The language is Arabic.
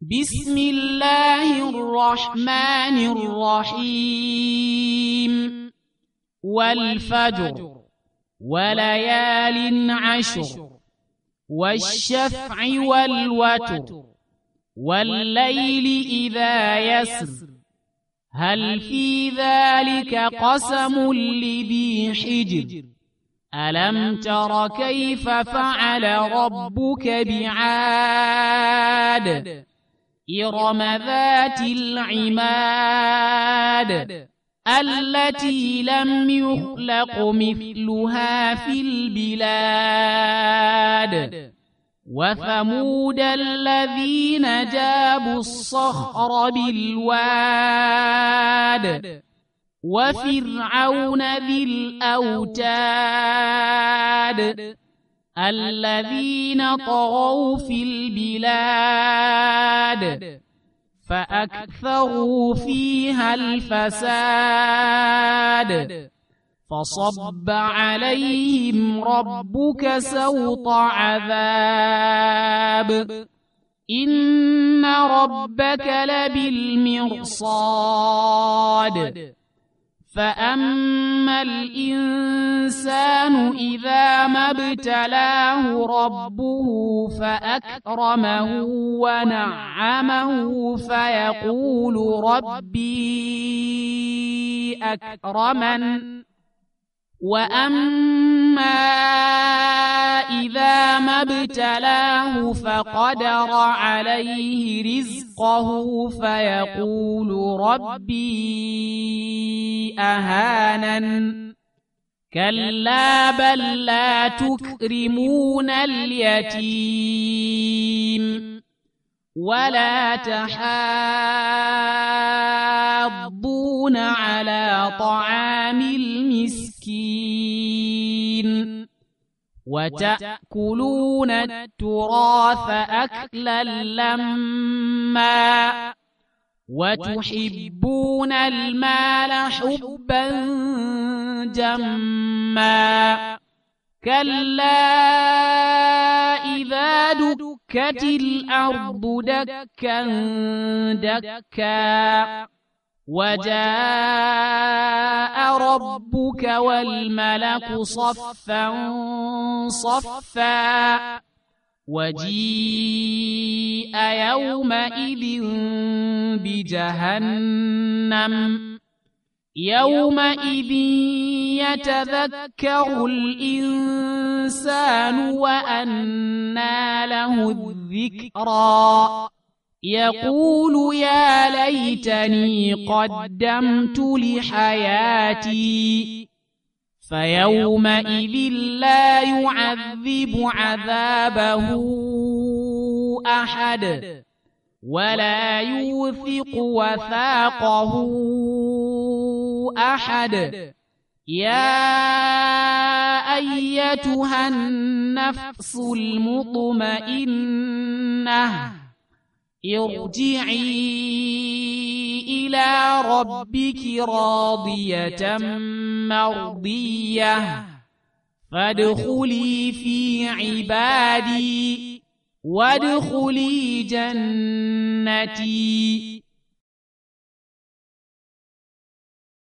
بسم الله الرحمن الرحيم والفجر وليال عشر والشفع والوتر والليل إذا يسر هل في ذلك قسم لذي حجر ألم تر كيف فعل ربك بعاد إرم ذات العماد التي لم يخلق مثلها في البلاد وثمود الذين جابوا الصخر بالواد وفرعون ذي الأوتاد الذين طغوا في البلاد فأكثروا فيها الفساد فصب عليهم ربك سوط عذاب إن ربك لبالمرصاد فأما الإنسان إذا ما ابتلاه ربه فأكرمه ونعمه فيقول ربي أكرمن وأما ما ابتلاه فقدر عليه رزقه فيقول ربي أهانن كلا بل لا تكرمون اليتيم ولا تحاضون على طعام المسكين وتأكلون التراث أكلا لما وتحبون المال حبا جما كلا إذا دكت الأرض دكا دكا وجاء ربك والملك صفا صفا وجيء يومئذ بجهنم يومئذ يتذكر الإنسان وأنى له الذكرى يقول يا ليتني قدمت لحياتي فيومئذ لا يعذب عذابه احد ولا يوثق وثاقه احد يا ايتها النفس المطمئنه ارجعي إلى ربك راضية مرضية فادخلي في عبادي وادخلي جنتي